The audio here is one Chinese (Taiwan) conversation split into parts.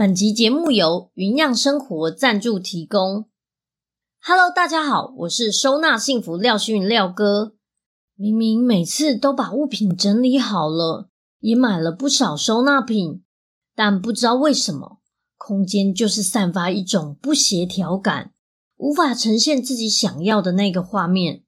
本集節目由雲樣生活贊助提供。Hello，大家好，我是收納幸福廖心筠廖哥。明明每次都把物品整理好了，也買了不少收納品，但不知道為什麼，空間就是散發一種不協調感，無法呈現自己想要的那個畫面。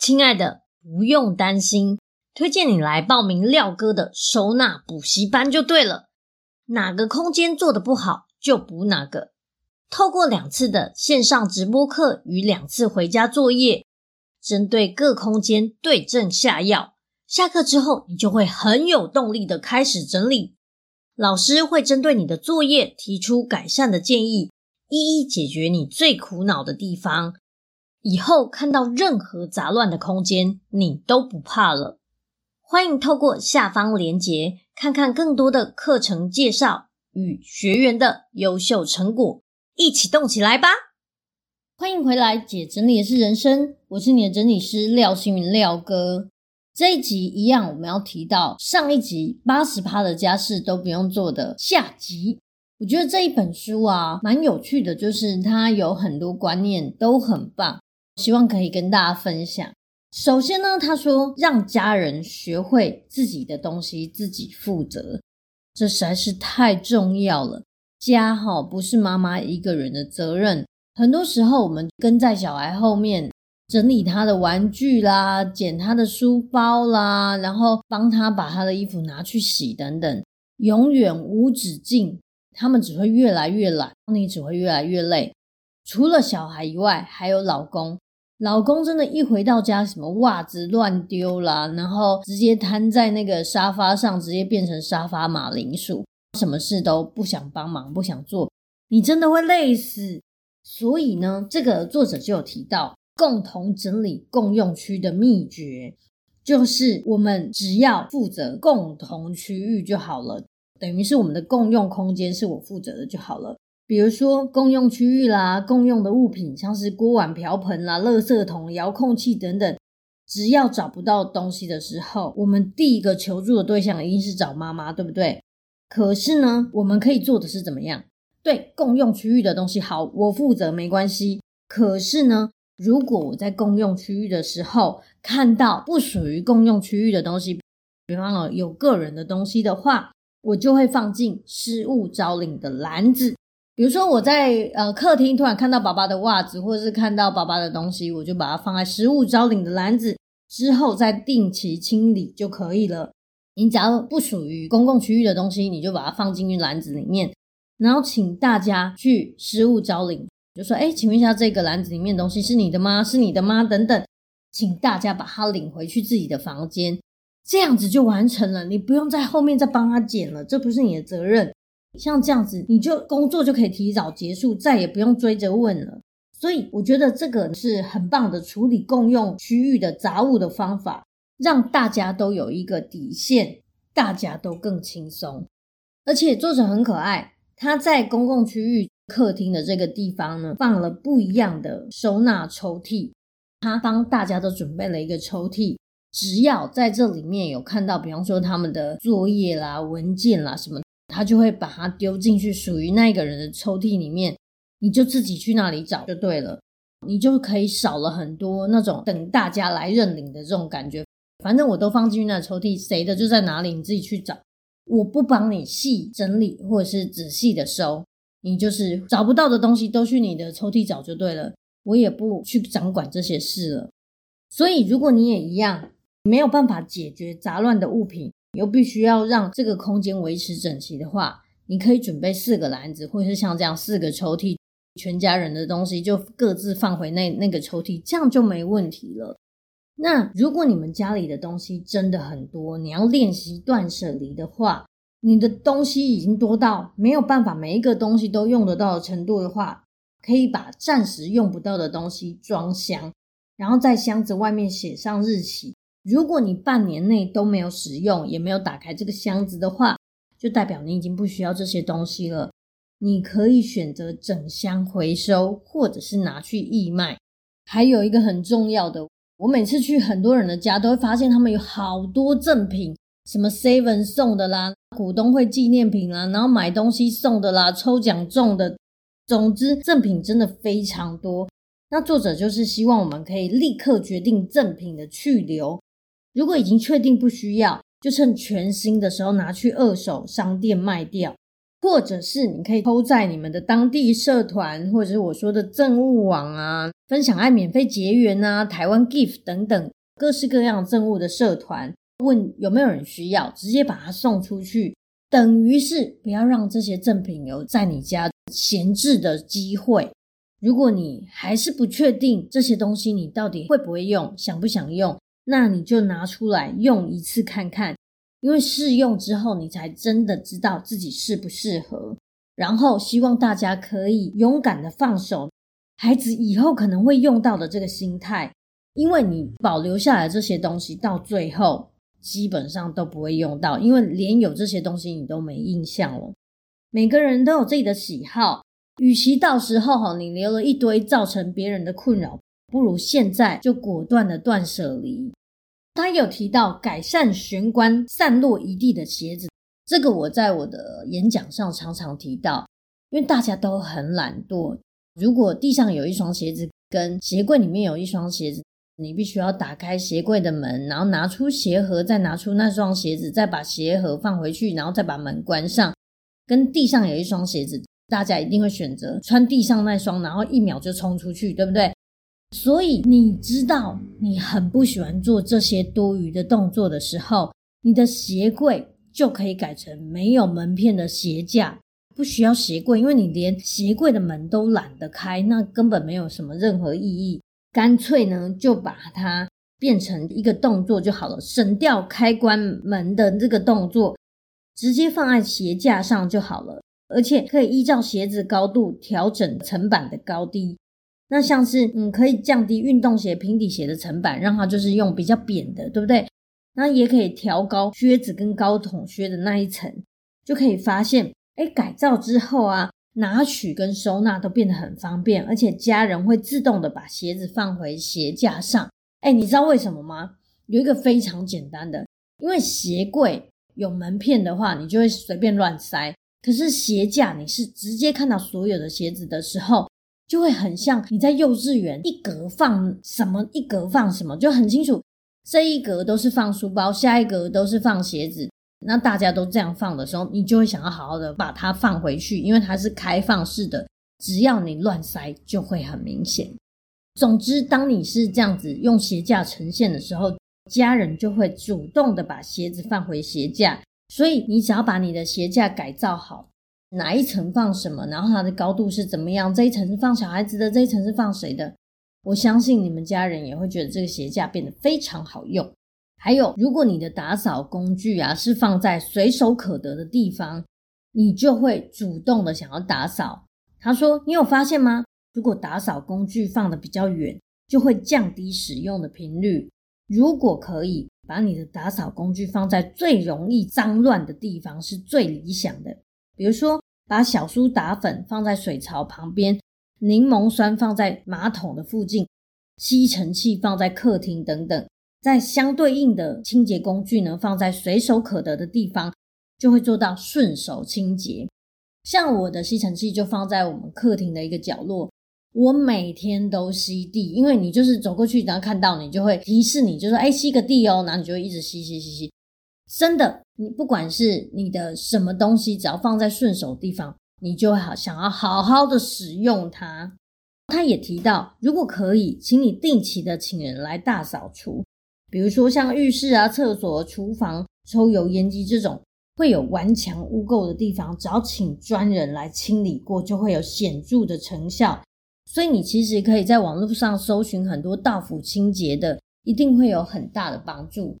親愛的，不用擔心，推薦你來報名廖哥的收納補習班就對了。哪個空間做的不好就補哪個。透過兩次的線上直播課與兩次回家作業，針對各空間對症下藥。下課之後，你就會很有動力的開始整理。老師會針對你的作業提出改善的建議，一一解決你最苦惱的地方。以後看到任何雜亂的空間，你都不怕了。歡迎透過下方連結，看看更多的課程介紹與學員的優秀成果，一起動起來吧！歡迎回來，解整理的是人生，我是你的整理師廖心筠廖哥。這一集一樣，我們要提到上一集八十趴的家事都不用做的下集。我覺得這一本書啊，蠻有趣的，就是它有很多觀念都很棒，希望可以跟大家分享。首先呢，他說讓家人學會自己的東西自己負責，這實在是太重要了。家齁、哦，不是媽媽一個人的責任。很多時候我們跟在小孩後面整理他的玩具啦、撿他的書包啦，然後幫他把他的衣服拿去洗等等，永遠無止境。他們只會越來越懶，你只會越來越累。除了小孩以外，還有老公。老公真的，一回到家，什麼襪子亂丟啦，然後直接癱在那個沙發上，直接變成沙發馬鈴薯，什麼事都不想幫忙，不想做，你真的會累死。所以呢，這個作者就有提到，共同整理共用區的秘訣，就是我們只要負責共同區域就好了，等於是我們的共用空間是我負責的就好了。比如說共用區域啦，共用的物品，像是鍋碗瓢盆啦、垃圾桶、遙控器等等，只要找不到東西的時候，我們第一個求助的對象一定是找媽媽，對不對？可是呢，我們可以做的是怎麼樣？對，共用區域的東西好，我負責沒關係。可是呢，如果我在共用區域的時候看到不屬於共用區域的東西，比方說有個人的東西的話，我就會放進失物招領的籃子。比如說，我在呃客廳突然看到爸爸的襪子，或者是看到爸爸的東西，我就把它放在失物招領的籃子之後，再定期清理就可以了。你假如不屬於公共區域的東西，你就把它放進去籃子裡面，然後請大家去失物招領，就說：“哎，請問一下，這個籃子裡面的東西是你的嗎？是你的嗎？”等等，請大家把它領回去自己的房間，這樣子就完成了。你不用在後面再幫他撿了，這不是你的責任。像這樣子，你就工作就可以提早結束，再也不用追着問了。所以我覺得這個是很棒的處理共用區域的雜物的方法，讓大家都有一個底線，大家都更輕鬆。而且作者很可愛，他在公共區域客廳的這個地方呢，放了不一樣的收納抽屜，他幫大家都準備了一個抽屜，只要在這裡面有看到，比方說他們的作業啦、文件啦什麼的。他就會把它丟進去，屬於那個人的抽屜裡面，你就自己去那裡找就對了，你就可以少了很多那種等大家來認領的這種感覺。反正我都放進去那抽屜，誰的就在哪裡，你自己去找。我不幫你細整理或者是仔細的收，你就是找不到的東西都去你的抽屜找就對了，我也不去掌管這些事了。所以如果你也一樣沒有辦法解決雜亂的物品，又必須要讓這個空間維持整齊的話，你可以準備四個籃子，或者是像這樣四個抽屜，全家人的東西就各自放回那那個抽屜，這樣就沒問題了。那如果你們家裡的東西真的很多，你要練習斷捨離的話，你的東西已經多到沒有辦法每一個東西都用得到的程度的話，可以把暫時用不到的東西裝箱，然後在箱子外面寫上日期。如果你半年內都沒有使用，也沒有打開這個箱子的話，就代表你已經不需要這些東西了。你可以選擇整箱回收，或者是拿去義賣。還有一個很重要的，我每次去很多人的家，都會發現他們有好多贈品，什麼 Seven 送的啦，股東會紀念品啦，然後買東西送的啦，抽獎中的，總之贈品真的非常多。那作者就是希望我們可以立刻決定贈品的去留。如果已經確定不需要，就趁全新的時候拿去二手商店賣掉，或者是你可以偷在你們的當地社團，或者是我說的贈物網啊，分享愛免費結緣啊，台灣 Gift 等等各式各樣贈物的社團，問有沒有人需要，直接把它送出去，等於是不要讓這些贈品有在你家閒置的機會。如果你還是不確定這些東西你到底會不會用，想不想用？那你就拿出來用一次看看，因為試用之後，你才真的知道自己適不適合。然後，希望大家可以勇敢的放手，孩子以後可能會用到的這個心態，因為你保留下來這些東西，到最後基本上都不會用到，因為連有這些東西你都沒印象了。每個人都有自己的喜好，與其到時候哈，你留了一堆造成別人的困擾。不如現在就果斷的斷捨離。他有提到改善玄關散落一地的鞋子，這個我在我的演講上常常提到，因為大家都很懶惰。如果地上有一雙鞋子，跟鞋櫃裡面有一雙鞋子，你必須要打開鞋櫃的門，然後拿出鞋盒，再拿出那雙鞋子，再把鞋盒放回去，然後再把門關上。跟地上有一雙鞋子，大家一定會選擇穿地上那雙，然後一秒就衝出去，對不對？所以，你知道你很不喜歡做這些多餘的動作的時候，你的鞋櫃就可以改成沒有門片的鞋架，不需要鞋櫃，因為你連鞋櫃的門都懶得開，那根本沒有什麼任何意義。乾脆呢，就把它變成一個動作就好了，省掉開關門的這個動作，直接放在鞋架上就好了，而且可以依照鞋子高度調整層板的高低。那像是嗯，可以降低運動鞋、平底鞋的層板，讓它就是用比較扁的，對不對？那也可以調高靴子跟高筒靴的那一層，就可以發現，哎，改造之後啊，拿取跟收納都變得很方便，而且家人會自動的把鞋子放回鞋架上。哎，你知道為什麼嗎？有一個非常簡單的，因為鞋櫃有門片的話，你就會隨便亂塞，可是鞋架，你是直接看到所有的鞋子的時候。就會很像你在幼稚園，一格放什麼，一格放什麼，就很清楚。這一格都是放書包，下一格都是放鞋子。那大家都這樣放的時候，你就會想要好好的把它放回去，因為它是開放式的，只要你亂塞就會很明顯。總之，當你是這樣子用鞋架呈現的時候，家人就會主動的把鞋子放回鞋架。所以，你只要把你的鞋架改造好。哪一層放什麼，然後它的高度是怎麼樣？這一層是放小孩子的，這一層是放誰的？我相信你們家人也會覺得這個鞋架變得非常好用。還有，如果你的打掃工具啊是放在隨手可得的地方，你就會主動的想要打掃。他說：“你有發現嗎？如果打掃工具放得比較遠，就會降低使用的頻率。如果可以把你的打掃工具放在最容易髒亂的地方，是最理想的。比如說。”把小蘇打粉放在水槽旁邊，檸檬酸放在馬桶的附近，吸塵器放在客廳等等，在相對應的清潔工具呢放在隨手可得的地方，就會做到順手清潔。像我的吸塵器就放在我們客廳的一個角落，我每天都吸地，因為你就是走過去，然後看到你就會提示你，就說：“哎、欸，吸個地哦。”然後你就會一直吸吸吸吸，真的。你不管是你的什麼東西，只要放在順手的地方，你就會好想要好好的使用它。他也提到，如果可以，請你定期的請人來大掃除，比如說像浴室啊、廁所、廚房、抽油煙機這種會有頑強汙垢的地方，只要請專人來清理過，就會有顯著的成效。所以你其實可以在網絡上搜尋很多到府清潔的，一定會有很大的幫助。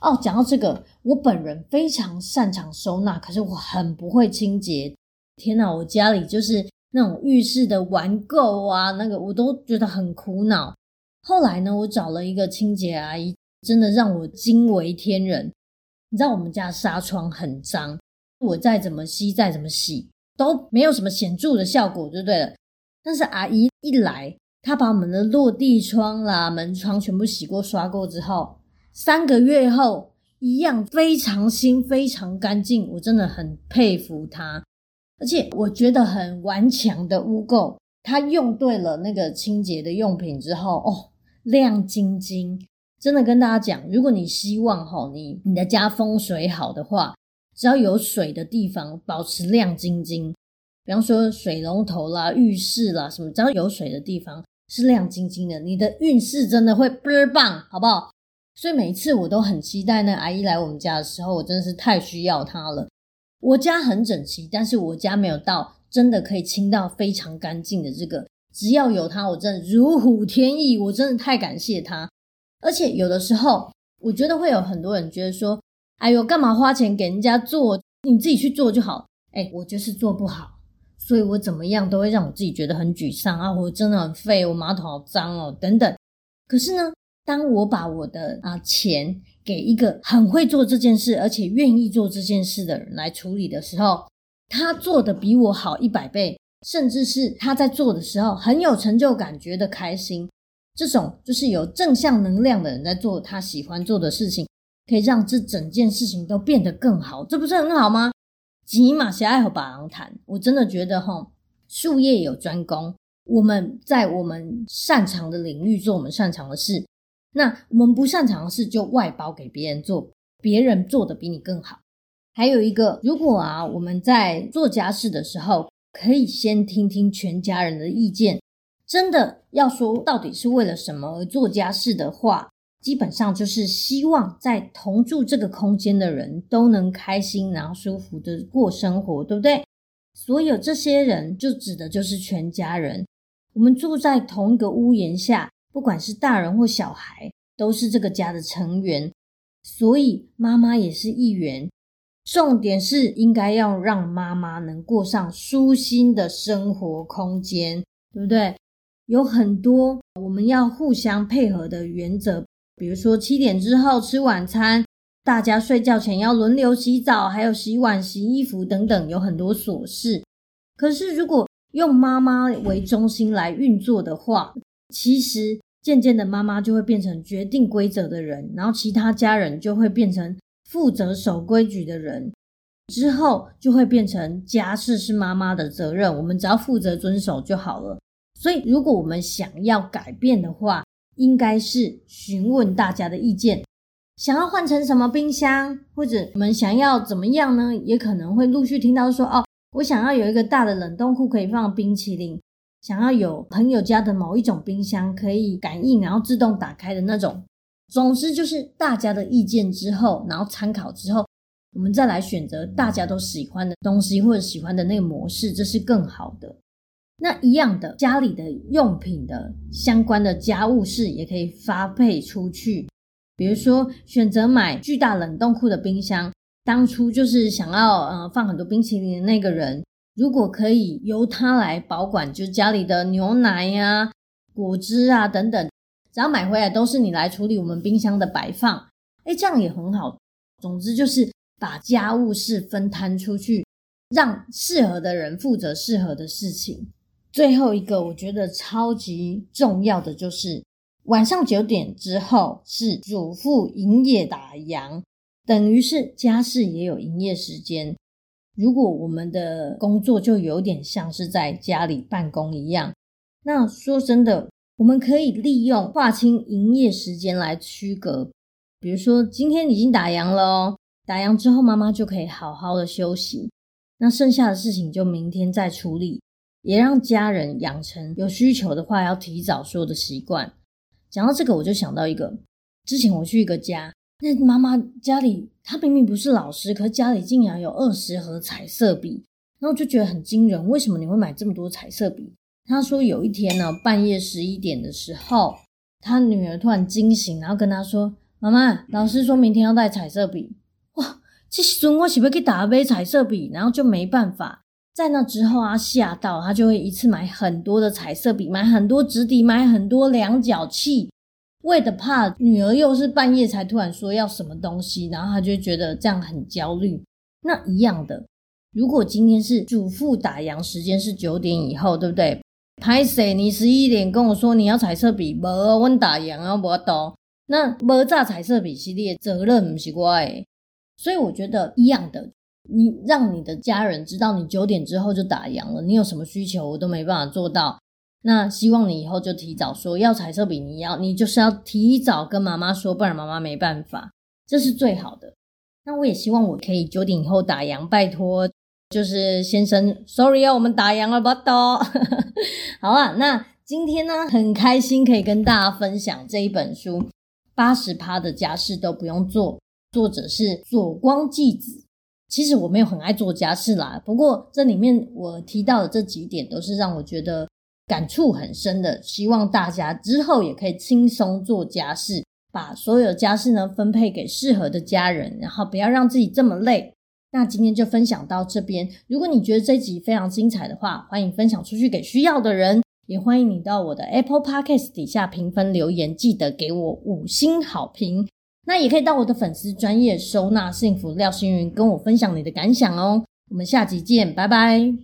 哦，講到這個，我本人非常擅長收納，可是我很不會清潔。天哪，我家裡就是那種浴室的頑垢啊，那個我都覺得很苦惱。後來呢，我找了一個清潔阿姨，真的讓我驚為天人。你知道我們家紗窗很髒，我再怎麼吸，再怎麼洗，都沒有什麼顯著的效果就對了。但是阿姨一來，她把我們的落地窗啦、門窗全部洗過、刷過之後。三個月後一樣非常新、非常乾淨，我真的很佩服他，而且我覺得很頑強的污垢，他用對了那個清潔的用品之後，哦，亮晶晶！真的跟大家講，如果你希望齁，你你的家風水好的話，只要有水的地方保持亮晶晶，比方說水龍頭啦、浴室啦什麼，只要有水的地方是亮晶晶的，你的運勢真的會倍棒，好不好？所以每一次我都很期待那阿姨來我們家的時候，我真的是太需要她了。我家很整齊，但是我家沒有到真的可以清到非常乾淨的這個。只要有她，我真的如虎添翼。我真的太感謝她。而且有的時候，我覺得會有很多人覺得說：“哎呦，幹嘛花錢給人家做？你自己去做就好。”哎，我就是做不好，所以我怎麼樣都會讓我自己覺得很沮喪啊！我真的很廢，我馬桶好髒哦，等等。可是呢？當我把我的啊、呃、錢給一個很會做這件事，而且願意做這件事的人來處理的時候，他做的比我好一百倍，甚至是他在做的時候很有成就感，覺得開心。這種就是有正向能量的人在做他喜歡做的事情，可以讓這整件事情都變得更好，這不是很好嗎？吉馬喜愛和把郎談，我真的覺得吼、哦、術業有專攻，我們在我們擅長的領域做我們擅長的事。那我們不擅長的事就外包給別人做，別人做的比你更好。還有一個，如果啊我們在做家事的時候，可以先聽聽全家人的意見。真的要說到底是為了什麼而做家事的話，基本上就是希望在同住這個空間的人都能開心，然後舒服的過生活，對不對？所有這些人就指的就是全家人，我們住在同一個屋檐下。不管是大人或小孩，都是這個家的成員，所以媽媽也是一員。重點是應該要讓媽媽能過上舒心的生活空間，對不對？有很多我們要互相配合的原則，比如說七點之後吃晚餐，大家睡覺前要輪流洗澡，還有洗碗、洗衣服等等，有很多瑣事。可是如果用媽媽為中心來運作的話，其實漸漸的，媽媽就會變成決定規則的人，然後其他家人就會變成負責守規矩的人。之後就會變成家事是媽媽的責任，我們只要負責遵守就好了。所以，如果我們想要改變的話，應該是詢問大家的意見，想要換成什麼冰箱，或者我們想要怎麼樣呢？也可能會陸續聽到說，哦，我想要有一個大的冷凍庫，可以放冰淇淋。想要有朋友家的某一種冰箱可以感應，然後自動打開的那種。總之就是大家的意見之後，然後參考之後，我們再來選擇大家都喜歡的東西或者喜歡的那個模式，這是更好的。那一樣的，家裡的用品的相關的家務事也可以發配出去。比如說選擇買巨大冷凍庫的冰箱，當初就是想要呃放很多冰淇淋的那個人。如果可以由他來保管，就家裡的牛奶呀、啊、果汁啊等等，只要買回來都是你來處理。我們冰箱的擺放，誒、欸，這樣也很好。總之就是把家務事分攤出去，讓適合的人負責適合的事情。最後一個，我覺得超級重要的就是晚上九點之後是主婦營業打烊，等於是家事也有營業時間。如果我們的工作就有點像是在家裡辦公一樣，那說真的，我們可以利用劃清營業時間來區隔。比如說，今天已經打烊了哦，打烊之後媽媽就可以好好的休息。那剩下的事情就明天再處理，也讓家人養成有需求的話要提早說的習慣。講到這個，我就想到一個，之前我去一個家。那媽媽家裡，她明明不是老師，可是家裡竟然有二十盒彩色筆，然後我就覺得很驚人。為什麼你會買這麼多彩色筆？她說有一天呢、啊，半夜十一點的時候，她女兒突然驚醒，然後跟她說：“媽媽，老師說明天要帶彩色筆。”哇，這時候是不是打了打杯彩色筆？然後就沒辦法。在那之後啊，嚇到她就會一次買很多的彩色筆，買很多直笛，買很多量角器。為的怕女兒又是半夜才突然說要什麼東西，然後她就會覺得這樣很焦慮。那一樣的，如果今天是主婦打烊時間是九點以後，對不對？拍誰？你十一點跟我說你要彩色筆，沒問打烊啊，不懂。那哪炸彩色筆系列責任很奇怪，所以我覺得一樣的，你讓你的家人知道你九點之後就打烊了，你有什麼需求我都沒辦法做到。那希望你以後就提早說要彩色筆，你要你就是要提早跟媽媽說，不然媽媽沒辦法，這是最好的。那我也希望我可以九點以後打烊，拜託，就是先生，sorry，哦，我們打烊了，不道。 好啊，那今天呢，很開心可以跟大家分享這一本書《八十趴的家事都不用做》，作者是佐光紀子。其實我沒有很愛做家事啦，不過這裡面我提到的這幾點都是讓我覺得。感觸很深的，希望大家之後也可以輕鬆做家事，把所有家事呢分配給適合的家人，然後不要讓自己這麼累。那今天就分享到這邊，如果你覺得這集非常精彩的話，歡迎分享出去給需要的人，也歡迎你到我的 Apple Podcast 底下評分留言，記得給我五星好評。那也可以到我的粉絲專頁收納幸福廖心筠跟我分享你的感想哦。我們下集見，拜拜。